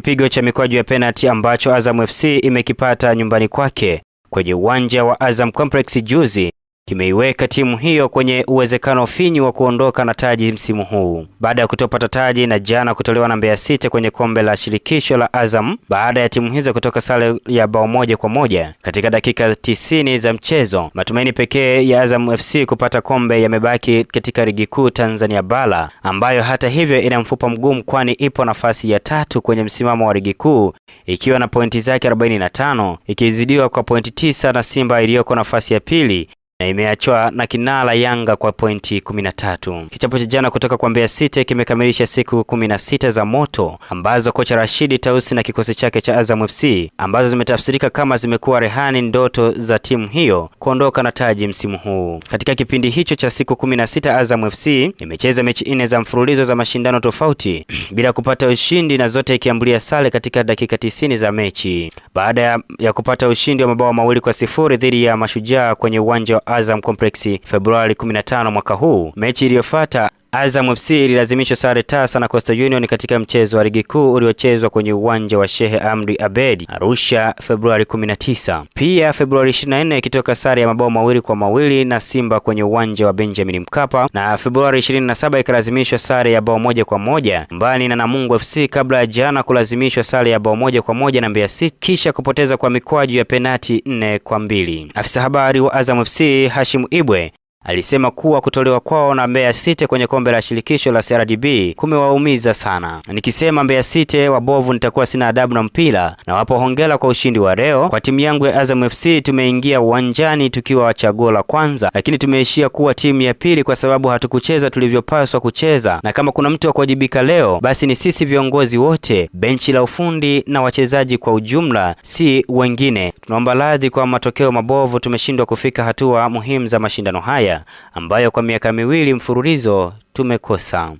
Kipigo cha mikwaju ya penalti ambacho Azam FC imekipata nyumbani kwake kwenye uwanja wa Azam Complex juzi kimeiweka timu hiyo kwenye uwezekano finyu wa kuondoka na taji msimu huu baada ya kutopata taji na jana kutolewa na Mbeya City kwenye kombe la shirikisho la Azam baada ya timu hizo kutoka sare ya bao moja kwa moja katika dakika tisini za mchezo. Matumaini pekee ya Azam FC kupata kombe yamebaki katika ligi kuu Tanzania Bara ambayo hata hivyo ina mfupa mgumu, kwani ipo nafasi ya tatu kwenye msimamo wa ligi kuu ikiwa na pointi zake 45 ikizidiwa kwa pointi tisa na Simba iliyoko nafasi ya pili na imeachwa na kinara Yanga kwa pointi 13. Kichapo cha jana kutoka kwa Mbeya City kimekamilisha siku 16 za moto ambazo kocha Rashidi Tausi na kikosi chake cha Azam FC ambazo zimetafsirika kama zimekuwa rehani ndoto za timu hiyo kuondoka na taji msimu huu. Katika kipindi hicho cha siku 16, Azam FC imecheza mechi nne za mfululizo za mashindano tofauti bila kupata ushindi na zote ikiambulia sare katika dakika 90 za mechi baada ya kupata ushindi wa mabao mawili kwa sifuri dhidi ya Mashujaa kwenye uwanja wa Azam Complex Februari 15 mwaka huu. Mechi iliyofuata Azam FC ililazimishwa sare tasa na Coastal Union katika mchezo wa ligi kuu uliochezwa kwenye uwanja wa Shehe Amri Abedi Arusha Februari 19. Pia Februari 24 ikitoka sare ya mabao mawili kwa mawili na Simba kwenye uwanja wa Benjamin Mkapa, na Februari 27 ikalazimishwa sare ya bao moja kwa moja mbani na Namungo FC kabla ya jana kulazimishwa sare ya bao moja kwa moja na Mbeya City kisha kupoteza kwa mikwaju ya penati nne kwa mbili. Afisa habari wa Azam FC Hashim Ibwe alisema kuwa kutolewa kwao na Mbeya City kwenye kombe la shirikisho la CRDB kumewaumiza sana. Nikisema Mbeya City wabovu nitakuwa sina adabu na mpira, na wapo hongera kwa ushindi wa leo. Kwa timu yangu ya Azam FC tumeingia uwanjani tukiwa wachaguo la kwanza, lakini tumeishia kuwa timu ya pili kwa sababu hatukucheza tulivyopaswa kucheza, na kama kuna mtu wa kuwajibika leo basi ni sisi viongozi wote, benchi la ufundi na wachezaji kwa ujumla, si wengine. Tunaomba radhi kwa matokeo mabovu, tumeshindwa kufika hatua muhimu za mashindano haya ambayo kwa miaka miwili mfululizo tumekosa.